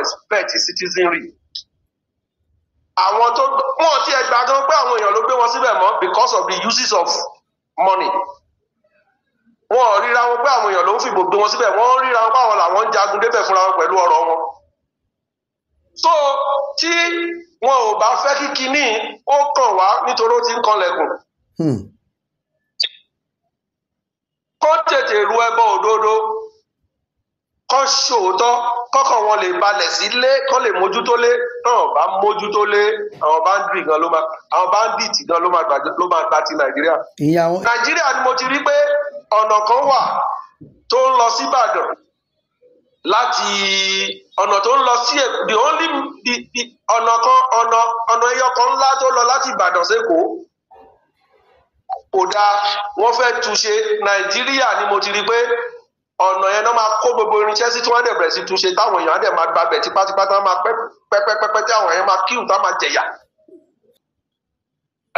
respect citizenry àwọn tó wọn ti ẹgbà tó pé àwọn èèyàn ló gbé wọn síbẹ̀ mọ́ because of the uses of money wọn ò ríra wọn pé àwọn èèyàn ló ń fìbò gbé wọn síbẹ̀ wọ́n ríra wọn pé àwọn làwọn ń jagun débẹ̀ fúnra wọn pẹ̀lú ọ̀rọ̀ wọn so tí wọn ò bá fẹ́ kí kinní ó kàn wá nítorí ó ti ń kanlẹ̀kùn hmm. kó tètè ru ẹbọ òdodo kọ́ ṣòótọ́ kọ́kọ́ wọn lè balẹ̀ sí lé kọ́ lè mójútó lé táwọn bá mójútó lé àwọn bandit gan ló máa àwọn bandit gan ló máa ló máa gba ti nàìjíríà. nàìjíríà ni mo ti rí pé ọ̀nà kan wà tó ń lọ sí ìbàdàn láti ọ̀nà tó ń lọ sí the only the the ọ̀nà kan ọ̀nà ọ̀nà ẹyọ kan ńlá tó lọ láti ìbàdàn sékòó kò dáa wọ́n fẹ́ túnṣe nàìjíríà ni mo ti rí pé ọ̀nà yẹn náà máa kó gbogbo irinṣẹ́ sí tí wọ́n dẹ̀ bẹ̀rẹ̀ sí túnṣe táwọn èèyàn á dẹ̀ máa gbabẹ̀ tipátipá táwọn máa pẹ́pẹ́pẹ́pẹ́ tí àwọn èèyàn máa kíhù táwọn máa jẹ̀yà.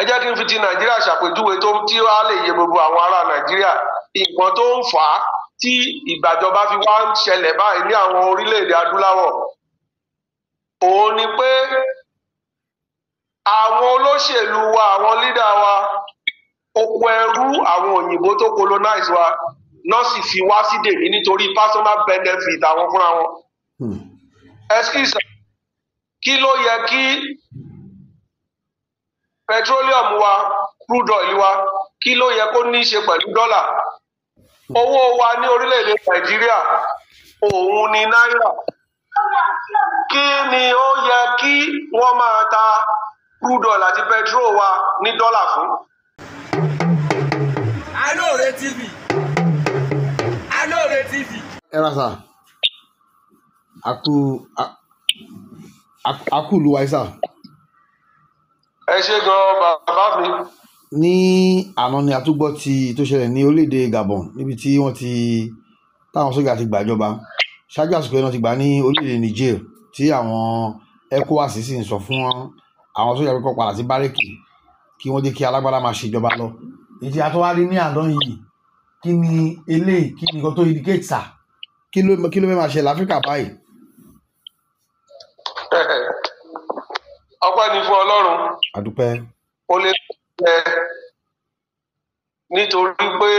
ẹ jẹ́ kí n fi ti nàìjíríà ṣàpèjúwe tó tí wàá lè yé gbogbo àwọn ará nàìjíríà nǹkan tó ń fà á tí ìgbàjọba fi wá ń ṣẹlẹ̀ báyìí ní àwọn orílẹ̀-èdè adúláwọ̀ òun ni pé àwọn olóṣèlú wa àwọn lídà wa oko ẹrú àwọn òyìnbó tó nọ́ọ̀sì fi wá sí dèmí nítorí personal benefit àwọn fúnra wọn. Hmm. excuse kí ló yẹ kí petroleum wa crude oil wa kí ló yẹ kó ní í ṣe pẹ̀lú dọ́là hmm. owó wa ní orílẹ̀-èdè nàìjíríà òun ni náírà kí ni ó yẹ kí wọ́n máa ta crude oil àti petrol wa ní dọ́là fún. alóore tv alóore tv. ẹ ra sà àkú àkú ìlú wáyé sà. ẹ ṣe gan bàbá mi. ní àná ni àtúgbọ́ ti tó ṣẹlẹ̀ ní orílẹ̀-èdè Gabon níbi tí wọ́n ti táwọn sójà ti gbàjọba ṣáájú àsìkò yẹn náà ti gbà ní orílẹ̀-èdè Niger tí àwọn ECOWAS sì ń sọ fún àwọn sójà pé kó padà sí bárẹ́kì kí wọ́n jẹ́ kí alágbára máa ṣèjọba lọ èyí tí tó wá rí ní àná yìí kí ni eléyìí kí ni nǹkan tó indicate sà kí ló kí ló fẹ́ máa ṣe láfíríkà báyìí. ọpẹ́ ni fún Ọlọ́run àdúpẹ́ ó lè pẹ nítorí pé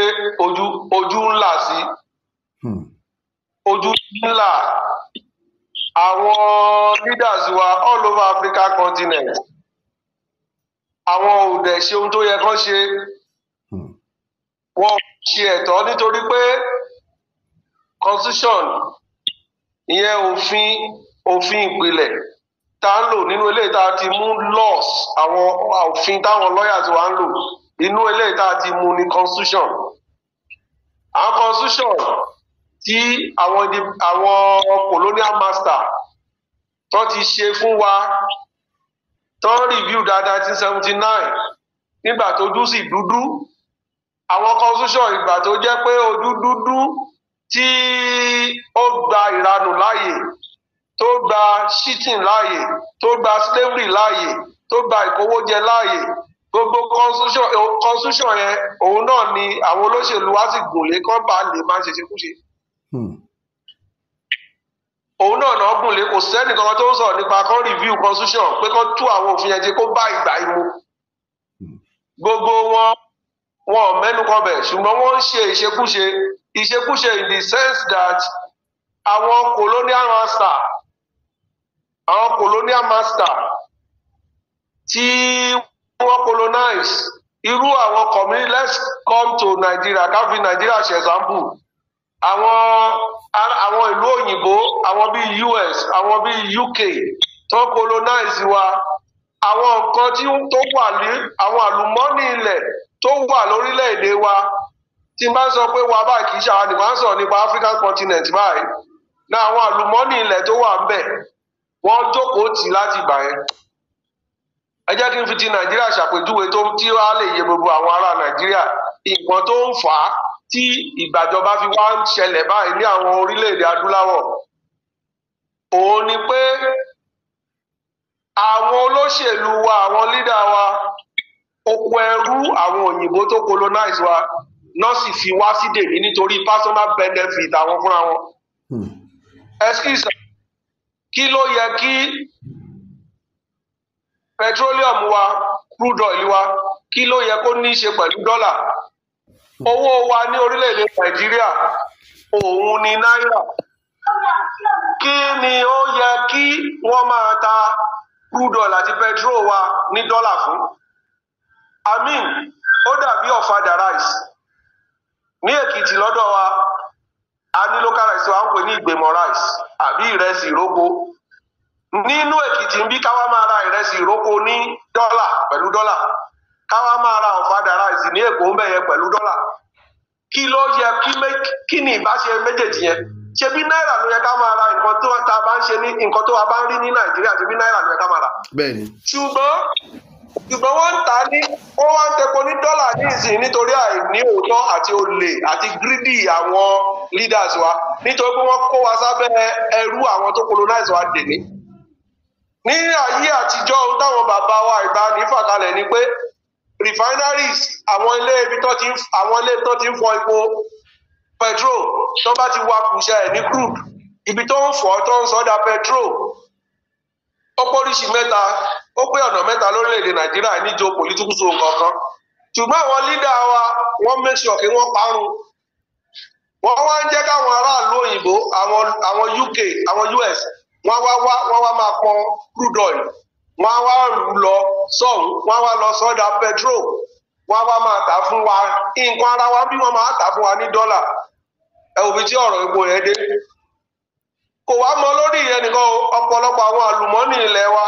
ojú ojú ńlá sí hmm. ojú ńlá àwọn leaders wa all over Africa continent àwọn ò dẹ̀ ṣe ohun tó yẹ kán ṣe hmm. wọn ò ṣe ẹ̀tọ́ nítorí pé constitution ìyẹn òfin òfin ìpìlẹ̀ tá a ń lò nínú eléyìí tá a ti mú laws àwọn òfin táwọn lawyers wa ń lò inú eléyìí tá a ti mú ní constitution àwọn constitution tí àwọn àwọn colonial master tó ti ṣe fún wa tó review dáadáa ti seventy nine nígbà tó dùn sí dúdú àwọn constitution ìgbà tó jẹ́ pé ojú dúdú tí ó gba ìranù láàyè tó gba cheating láàyè tó gba slavery láàyè tó gba ìkówójẹ láàyè gbogbo constitution yẹn òun náà ni àwọn olóṣèlú wa sì gùn lé kán bá lè máa ṣèṣe kúṣe hmm. òun náà náà gùn lé kò sẹ́ni kankan tó ń sọ̀rọ̀ nípa kan review constitution pé kán tú àwọn òfin yẹn jẹ́ kó bá ìgbà yìí hmm. gbogbo wọn wọn ò mẹ́nu kan bẹ̀ ṣùgbọ́n wọ́n ń ṣe ìṣekúṣe ìṣekúṣe in the sense that àwọn colonial master àwọn colonial master tí wọ́n colonize irú àwọn community let's come to Nigeria ká fi Nigeria ṣe example àwọn àwọn ìlú òyìnbó àwọn bíi US àwọn bíi UK tó colonize wa àwọn nǹkan tí tó wà ní àwọn àlùmọ́nì ilẹ̀ tó wà lórílẹ̀ wa tí n bá pé wa báyìí kì í ṣàwọn àdìmọ́ ń sọ̀rọ̀ nípa African continent báyìí ní àwọn àlùmọ́ọ́nì ilẹ̀ tó wà ń bẹ̀ wọ́n jókòó tì láti ìgbà yẹn ẹ jẹ́ kí n fi ti Nàìjíríà ṣàpèjúwe tó gbogbo àwọn ará Nàìjíríà tó ń fà á tí ìgbàjọba fi wá ń ṣẹlẹ̀ báyìí ní àwọn orílẹ̀-èdè adúláwọ̀ pé àwọn olóṣèlú wa àwọn lídà wa oko ẹrú àwọn òyìnbó tó colonize wa nọ́ọ̀sì fi wá sí dèmí nítorí personal benefit àwọn fúnra wọn. Hmm. excuse kí ló yẹ kí petroleum wa crude oil wa kí ló yẹ kó ní í ṣe pẹ̀lú dọ́là hmm. owó wa ní orílẹ̀-èdè nàìjíríà òun ni náírà kí ni ó yẹ kí wọ́n máa ta crude oil àti petrol wa ní dọ́là fún. amin ó dàbí ọ̀fadà rice ní èkìtì wa a ní local rice wa ń pè ní rice àbí ìrẹsì ìrókò nínú èkìtì ń bí káwá máa ra ìrẹsì ìrókò ní dọ́là káwá máa ra rice ní èkó ń kí ló yẹ kí ni ìbáṣe méjèèjì yẹn ṣe bí náírà ló yẹ ká máa ra nǹkan tó ta bá ń ṣe ní nǹkan tó wa bá ń rí ṣùgbọ́n wọ́n ń ta ní wọ́n wá ń tẹpo ní dọ́là ní ìsìn nítorí àìní òótọ́ àti olè àti gírídì àwọn leaders wa nítorí pé wọ́n kó wa sábẹ́ ẹrú àwọn tó colonize wa dè ní. ní ayé àtijọ́ ohun táwọn bàbá wa ìgbàanì fàkalẹ̀ ni pé refineries àwọn ilé ibi tó ti àwọn ilé tó ti ń fọ epo petrol tó bá ti wa kùsẹ̀ ní crude ibi tó ń fọ tó ń sọdá petrol ó póríṣi mẹ́ta ó pé ọ̀nà mẹ́ta lórílẹ̀‐èdè nàìjíríà níjó political zone kankan ṣùgbọ́n àwọn lídà wa wọ́n make sure kí wọ́n parun wọ́n wá ń jẹ́ káwọn aráàlú òyìnbó àwọn UK àwọn US wọ́n wá wá wọ́n wá máa pọn crude oil wọ́n wá rù lọ sọ́hún wọ́n wá lọ sọ́dà petrol wọ́n wá máa tà fún wa nǹkan ara wa bí wọ́n máa tà fún wa ní dọ́là ẹ òbí tí ọ̀rọ̀ epo yẹn dé kò wá mọ lórí ìyẹn nìkan ọ̀pọ̀lọpọ̀ àwọn àlùmọ́nì ilẹ̀ wa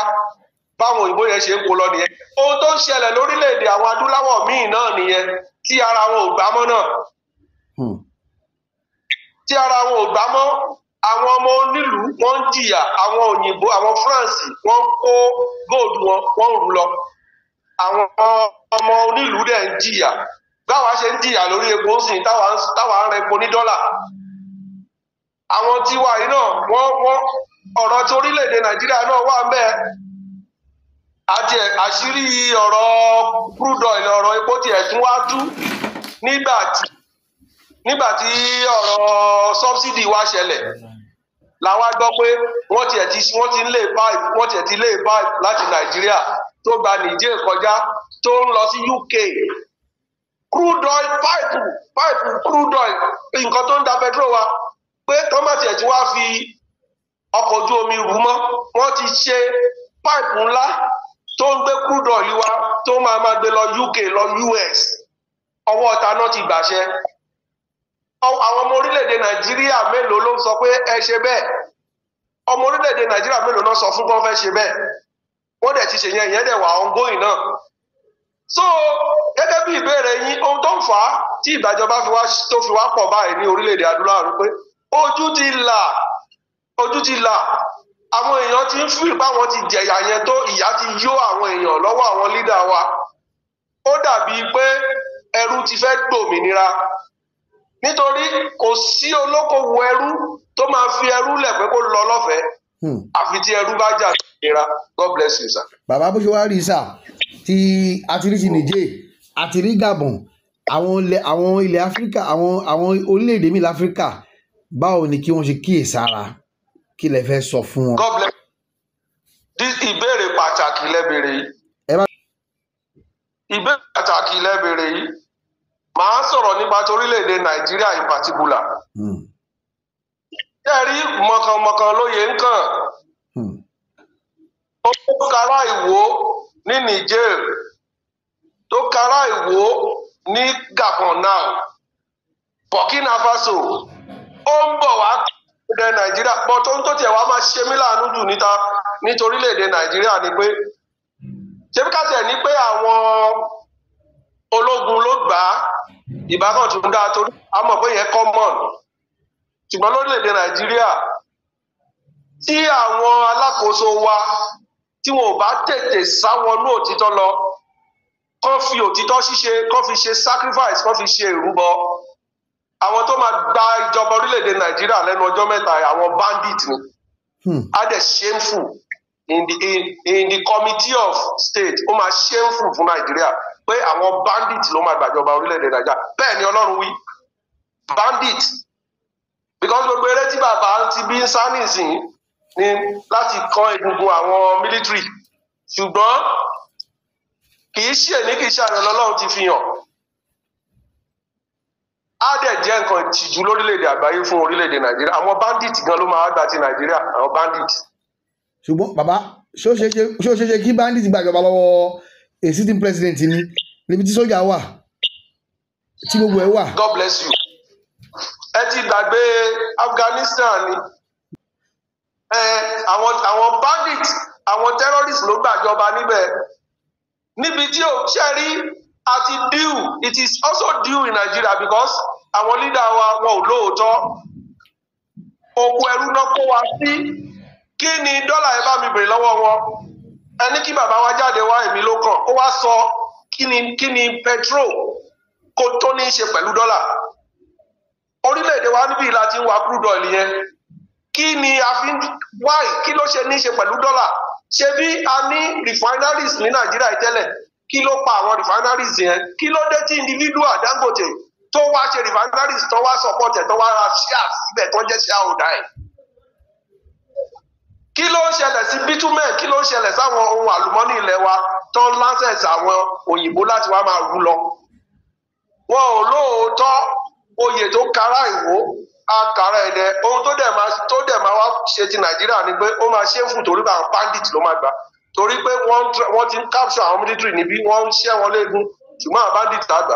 báwọn òyìnbó yẹn ṣe ń kó lọ nìyẹn ohun tó ń ṣẹlẹ̀ lórílẹ̀‐èdè àwọn adúláwọ̀ míì náà nìyẹn tí ara wọn ò gbámọ́ náà hmm. tí ara wọn ò gbámọ́ àwọn ọmọ onílùú wọn ń jìyà àwọn òyìnbó àwọn France wọn kó góòdù wọn wọn rú lọ àwọn ọmọ onílùú dẹ̀ ń jìyà báwa ṣe ń jìyà lórí epo ń sìn táwa ń rẹpo ní dọ́là àwọn tiwa yìí náà wọ́n wọ́n ọ̀rọ̀ tí orílẹ̀-èdè Nàìjíríà náà wà ń bẹ́ẹ̀ àti àṣírí ọ̀rọ̀ crude oil ọ̀rọ̀ epo tí ẹ̀tún wá tú nígbà tí nígbà tí ọ̀rọ̀ subsidy wá ṣẹlẹ̀ làwa gbọ́ pé wọ́n tiẹ̀ ti wọ́n ti ń lé pipe wọ́n tiẹ̀ ti lé pipe láti nàìjíríà tó gba niger kọjá tó ń lọ sí uk crude oil pipe pipe crude oil nǹkan tó ń da petrol wa pé tọ́mọ̀tì ẹ̀ tí wọ́n á fi ọkọ̀ ojú omi rú mọ́ wọ́n ti ṣe pipe ńlá tó ń gbé crude oil wá tó máa máa gbé lọ UK lọ US ọwọ́ ọ̀tá náà ti gbàṣẹ àwọn ọmọ orílẹ̀-èdè nàìjíríà mélòó ló ń sọ pé ẹ ṣe bẹ́ẹ̀ ọmọ orílẹ̀-èdè nàìjíríà mélòó náà sọ fún kọ́ fẹ́ ṣe bẹ́ẹ̀ wọ́n dẹ̀ ti ṣe yẹn ìyẹn dẹ̀ wà ongoing náà so gẹ́gẹ́ bí ìbéèrè yín ohun tó ń fà á tí ìdájọba tó fi wá pọ̀ báyìí ní orílẹ̀-èdè adúláwọ̀ pé ojú ti là ojú ti là àwọn èèyàn ti ń fìlì báwọn ti jẹ̀yà yẹn tó ìyà ti yó àwọn èèyàn lọ́wọ́ àwọn lídà wa ó dàbíi pé ẹrú ti fẹ́ gbòmìnira nítorí kò sí olókòwò ẹrú tó máa fi ẹrú lẹ̀ pé kó lọ lọ́fẹ̀ẹ́ hmm. àfi tí ẹrú bá jà gbòmìnira God bless you sir. bàbá bó ṣe wá rí sà tí àtìrí ti nìjẹ́ àtìrí Gabon àwọn ilẹ̀ àwọn ilẹ̀ Áfíríkà àwọn àwọn orílẹ̀-èdè mi láfíríkà báwo ni kí wọ́n ṣe kíyèsára kí lẹ fẹ́ sọ fún wọn. ìbéèrè pàtàkì lẹ́bẹ̀rẹ̀ yìí. ìbéèrè pàtàkì lẹ́bẹ̀rẹ̀ yìí màá sọ̀rọ̀ nípa torílẹ̀-èdè nàìjíríà in particular. jẹ́rí hmm. mọ̀kànmọ̀kàn lóye ń kàn. Hmm. kára ìwò ní niger tó kára ìwò ní gabon now burkina faso ó ń bọ̀ wá kí orílẹ̀-èdè nàìjíríà bọ́ tó ń tó tiẹ̀ wá máa ṣe mí láàánú jù níta nítorí orílẹ̀-èdè nàìjíríà ni pé ṣebí ká tiẹ̀ ní pé àwọn ológun ló gbà á ìbákan tó ń dá torí àmọ́ pé yẹn common ṣùgbọ́n lórílẹ̀-èdè nàìjíríà tí àwọn alákòóso wa tí wọn ò bá tètè sáwọnú òtítọ́ lọ kán fi òtítọ́ ṣíṣe kán fi ṣe sacrifice kán fi ṣe ìrúbọ àwọn tó máa gba ìjọba orílẹ̀-èdè nàìjíríà lẹ́nu ọjọ́ mẹ́ta àwọn bandit ni á hmm. dẹ̀ shameful in the in, in the committee of state ó máa shameful fún nàìjíríà pé àwọn bandit ló máa gbàjọba orílẹ̀-èdè nàìjíríà bẹ́ẹ̀ ni ọlọ́run wí bandit because gbogbo eré tí bàbá ti bí ń sá nìsín ni láti kan egungun àwọn military ṣùgbọ́n kì í ṣe ní kì í ṣàrẹ̀ lọ́lọ́run ti fi hàn á dẹ̀ jẹ́ nǹkan ìtìjú lórílẹ̀‐èdè àgbáyé fún orílẹ̀‐èdè nàìjíríà àwọn bandit gan ló máa gbà ti nàìjíríà àwọn bandit. ṣùgbọ́n bàbá ṣé ó ṣeé ṣe kí bandit gbàjọba lọ́wọ́ a sitting president ni níbi tí sójà wà tí gbogbo ẹ wà. God bless you ẹ ti gbàgbé Afghanistan ni ẹ àwọn àwọn bandit àwọn terrorist ló gbàjọba níbẹ̀ níbi tí ò ṣe rí àti due it is also due in Nigeria because àwọn lídà wa wọn ò lóòótọ́ oko ẹrú náà kó wa sí kí ni dọ́là ẹ bá mi bèrè lọ́wọ́ wọn ẹni kí bàbá wa jáde wá èmi ló kàn ó wá sọ kí ni kí ni petrol kó tó ní í ṣe pẹ̀lú dọ́là orílẹ̀-èdè wa níbí láti ń wa crude oil yẹn kí ni a fi ń wáì kí ló ṣe ní í ṣe pẹ̀lú dọ́là ṣe bí a ní refineries ní nàìjíríà tẹ́lẹ̀ kí ló pa àwọn refineries yẹn kí ló dé tí individual Dangote tó wá ṣe revangelist tó wá support ẹ̀ tó wá ra share síbẹ̀ tó jẹ́ share holder ẹ̀ kí ló ń ṣẹlẹ̀ sí bitumen kí ló ń ṣẹlẹ̀ sáwọn ohun àlùmọ́nì ilẹ̀ wa tó ń láṣẹ̀sì àwọn òyìnbó láti wá máa rú lọ wọn ò lóòótọ́ oyè tó kara ìwó akara ẹ̀dẹ̀ ohun tó dẹ̀ máa tó dẹ̀ máa wá ṣe ti nàìjíríà ni pé ó máa ṣe é fún torí pé àwọn bandit ló máa gbà torí pé wọ́n ti capture àwọn military níbí wọ́n ń ṣẹ́ wọn léegun ṣùgbọ́n àwọn bandit tá a gbà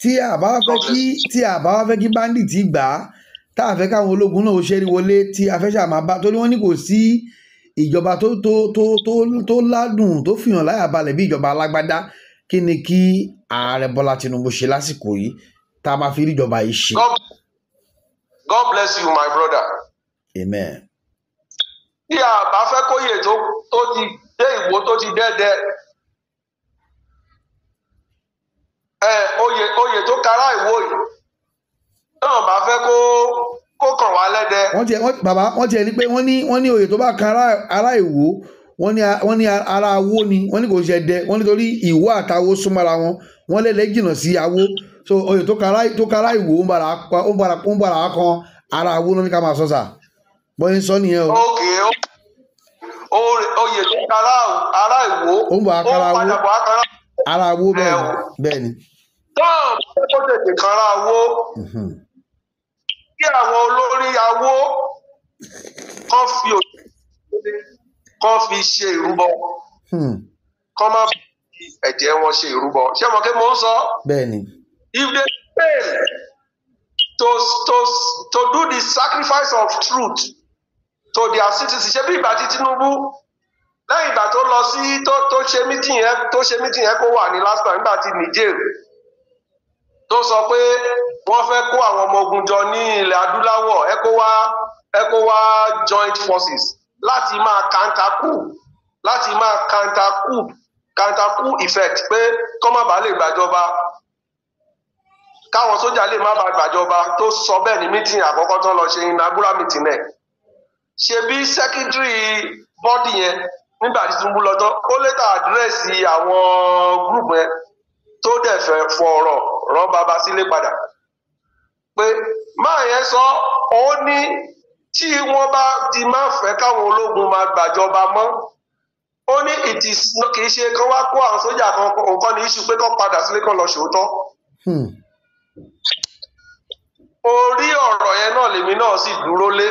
tí a bá wá fẹ́ kí tí a bá wá fẹ́ kí bandit gbà á tá a fẹ́ káwọn ológun náà ó ṣe é wọlé tí a fẹ́ ṣàmà bá torí wọ́n ní kò sí ìjọba tó tó tó tó tó ládùn tó fìhàn láyà balẹ̀ bí ìjọba alágbádá kí ni kí ààrẹ Bọ́lá Tinubu ṣe lásìkò yìí tá a máa fi rí ìjọba yìí ṣe. God bless you my brother. Amen. Bí a bá fẹ́ kóyè tó ti dé ìwó tó ti dẹ́dẹ́ ẹ oyè oyè tó kara ìwó yìí náà bá fẹ́ kó kó kàn wá lẹ́dẹ. wọ́n ti wọ́n bàbá wọ́n ti ẹni pé wọ́n ní wọ́n ní oyè tó bá kan ara ìwó wọ́n ní wọ́n ní ara awó ni wọ́n ní kò ṣe ẹdẹ wọ́n nítorí ìwó àtàwó súnmọ́ra wọn wọ́n lẹ́lẹ́ jìnnà sí awó so oyè tó kara tó kara ìwó ń bara ń bara ń bara kan ara awó ló ní ká máa sọ sà bọ́yìn sọ nìyẹn o. ok oyè tó kara ara ìwó ó ń bọ̀ á kara ara wo bẹ́ẹ̀ ni. náà ó tètè kan ara wo kí àwọn olórí awó kan fi òṣèlú kan fi ṣe ìrúbọ kan má fi ẹ̀jẹ̀ wọn ṣe ìrúbọ ṣé ọmọ kí mo ń sọ. bẹ́ẹ̀ni. if they fail to to to do the sacrifice of truth to their citizens ṣé bí ìgbà tí Tinubu lẹ́yìn ìgbà tó lọ sí tó ṣe mítìn yẹn tó ṣe mítìn yẹn kó wà ní last time nígbà tí Niger tó sọ pé wọ́n fẹ́ kó àwọn ọmọ ogun jọ ní ilẹ̀ adúláwọ̀ ECOWAS ECOWAS joint forces láti máa kàńtà kù láti máa kàńtà kù effect pé kọ́ má bàa lè gbàjọba káwọn sójà lè má bàa gbàjọba tó sọ bẹ́ẹ̀ ní mítìn àkọ́kọ́ tó lọ ṣe inaugural mítìn náà ṣebí sẹ́kítírì bọ́dì yẹn nígbà tí Tinubu lọ tán ó lẹ́tà àdírẹ́sì àwọn gúrùpù yẹn tó dẹ̀ fẹ́ fọ ọ̀rọ̀ rán bàbá sílé padà pé máa yẹn sọ ó ní tí wọ́n bá ti máa fẹ́ káwọn ológun máa gbàjọba mọ́ ó ní ìtì kì í ṣe kán wá kó àwọn sójà kan nǹkan ní iṣu pé kán padà sílé kán lọ ṣòótọ́ hmm. orí ọ̀rọ̀ yẹn náà lèmi náà sì dúró lé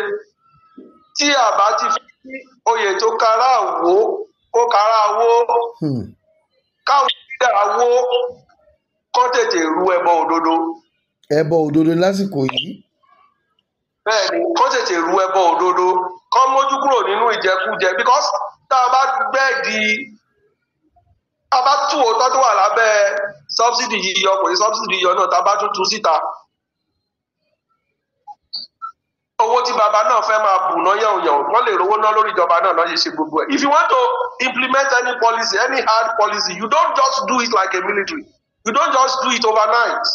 tí àbá ti fi oyè tó kára àwo kó kára àwo hmm. káwọn ìdílé àwo kó tètè ru ẹbọ òdodo. ẹbọ òdodo lásìkò yìí. bẹ́ẹ̀ni kó tètè ru ẹbọ òdodo kó mójú kúrò nínú ìjẹkújẹ because tá a bá gbẹ̀dì tá a bá tú òótọ́ tó wà lábẹ́ subsidy yíyọ kò ní subsidy yíyọ náà tá a bá tún tú síta owó tí bàbá náà fẹ́ máa bù náà yẹ̀wòyẹ̀wò wọ́n lè rówó náà lórí ìjọba náà náà yẹ ṣe gbogbo ẹ̀. if you want to implement any policy any hard policy you don't just do it like a military you don't just do it overnight.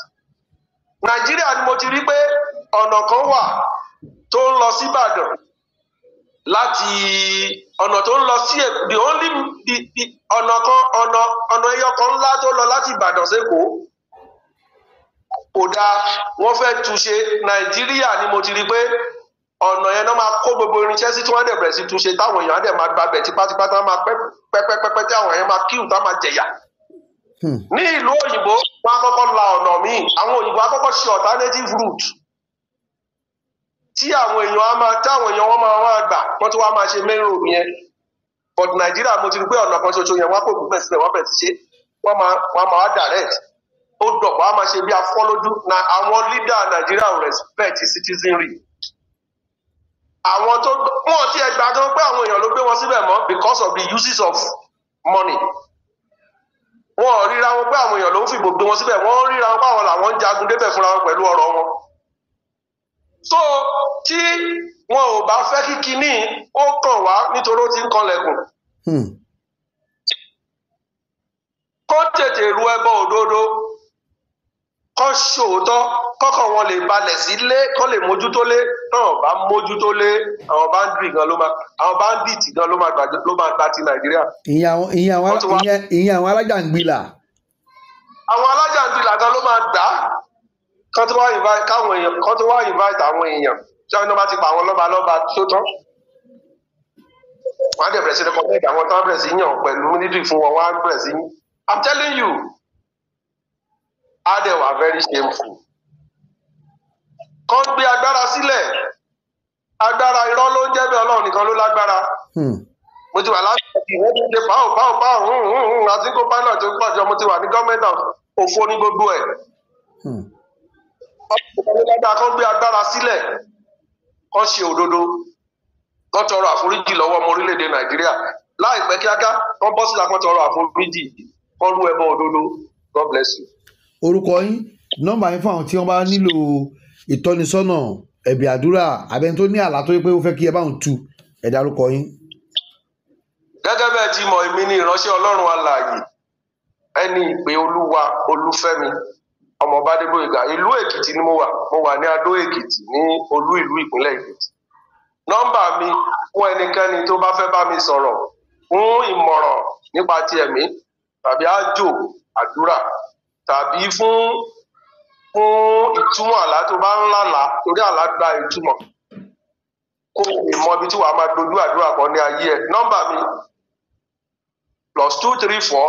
nàìjíríà ni mo ti rí pé ọ̀nà kan wà tó ń lọ sí ìbàdàn láti ọ̀nà tó ń lọ sí èkó the only the ọ̀nà kan ọ̀nà ọ̀nà ẹyọ kan ńlá tó lọ láti ìbàdàn sí kò dáa wọ́n fẹ́ túnṣe nàìjíríà ni mo ti rí pé ọ̀nà yẹn náà máa kó gbogbo irinṣẹ́ sí tí wọ́n dẹ̀ bẹ̀rẹ̀ sí túnṣe táwọn èèyàn á dẹ̀ máa gbabẹ̀ tipátipá táwọn máa pẹ́pẹ́pẹ́pẹ́ tí àwọn èèyàn máa kíhù táwọn máa jẹ̀yà. Hmm. ní ìlú òyìnbó wọn á kọ́kọ́ la ọ̀nà míì àwọn òyìnbó á kọ́kọ́ ṣe alternative route tí àwọn èèyàn á máa táwọn èèyàn wọn máa wá gbà wọn tún wá máa ṣe main road yẹn but nàìjíríà mo ti rí pé ọ̀nà kan ṣoṣo yẹn wọn á kó gbogbo ẹ̀sìn ó dọ̀pọ̀ á máa ṣe bí afọ́lójú na àwọn lídà nàìjíríà ò respect citizenry àwọn tó wọn ti ẹgbàá gan pé àwọn èèyàn ló gbé wọn síbẹ̀ mọ́ because of the uses of money wọn ríra wọn pé àwọn èèyàn ló ń fìbò gbé wọn síbẹ̀ wọ́n ríra wọn pé làwọn ń jagun débẹ̀ fúnra wọn pẹ̀lú ọ̀rọ̀ wọn so tí wọn ò bá fẹ́ kí kinní ó kàn wá nítorí ó ti ń kanlẹ̀kùn hmm. kó tètè ru ẹbọ òdodo kọ́ ṣòótọ́ kọ́kọ́ wọn lè balẹ̀ sí lé kọ́ lè mójútó lé táwọn bá mójútó lé àwọn báńdì gan ló máa àwọn báńdìtì gan ló máa gba ti nàìjíríà. ìyẹn àwọn alájàngbìlà. àwọn alájàngbìlà gan ló máa gbà kán tó wá invite kán tó wá invite àwọn èèyàn tí wọn bá ti pa àwọn lọ́ba lọ́ba tó tán wọn á dẹ̀ bẹ̀rẹ̀ sí ní kọ́ńtẹ́ẹ̀tì àwọn tó wá bẹ̀rẹ̀ sí yàn pẹ̀lú mílítì fún wọn wọn á bẹ̀rẹ̀ sí I'm telling you á dẹ̀ wà very shameful. kán gbé agbára sílẹ̀ agbára irọ́ ló ń jẹ́ bí ọlọ́run nìkan ló lágbára. Hmm. mo ti wà láti ìwé tó ṣe pàó pàó pàó àti kó pilot tó pàjọ mo ti wà ní gọ́ọ̀mẹ́ntà òfo ní gbogbo ẹ̀. ọ̀pọ̀ ìgbàlódé kan gbé agbára sílẹ̀ kán ṣe òdodo kán tọrọ àforíjì lọ́wọ́ ọmọ orílẹ̀-èdè nàìjíríà láìpẹ́ kíákíá kán bọ́ sílá kán tọrọ àforíjì kán rú ẹbọ òdodo God bless you orúkọ yín nọ́mbà yín fún àwọn tí wọ́n bá nílò ìtọ́nisọ́nà ẹ̀bì àdúrà abẹ́ni tó ní àlá tó yẹ pé ó fẹ́ kí ẹ bá òun tu ẹ dárúkọ yín. gẹ́gẹ́ bẹ́ẹ̀ ti mọ̀ èmi ni ìránṣẹ́ ọlọ́run alààyè ẹni ìpè olúwa olúfẹ́mi ọmọ Bádébóyèga ìlú èkìtì ni mo wà mo wà ní adó èkìtì ní olú ìlú ìpínlẹ̀ èkìtì nọ́mbà mi fún ẹnikẹ́ni tó bá fẹ́ bá mi sọ̀rọ̀ fún ìmọ̀ràn nípa ti ẹ̀mí tàbí àjò àdúrà tàbí fún fún ìtumọ̀ àlá tó bá ń lànà torí àlá gba ìtumọ̀ kó lè mọ ibi tí wàá máa dojú àdúrà kan ní ayé ẹ̀ nọ́mbà mi plus two three four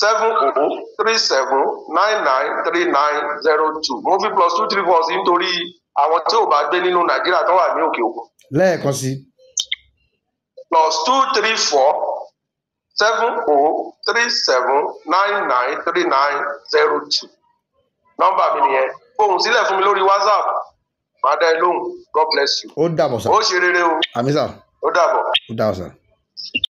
seven oh three seven nine nine three nine zero two mo fi plus two three four sí nítorí àwọn tí ò bá gbé nínú nàìjíríà tó wà ní òkè òkun. lẹ́ẹ̀kan sí. plus two three four seven o oh three seven nine nine three nine zero two nọ́mbà mi nìyẹn fohùn sílẹ̀ fún mi lórí whatsapp màá dá ẹ lóhùn god bless you. ó dàbọ̀ sà ó ṣe rere o. àmísà ó dàbọ̀. ó dàbọ̀ sà.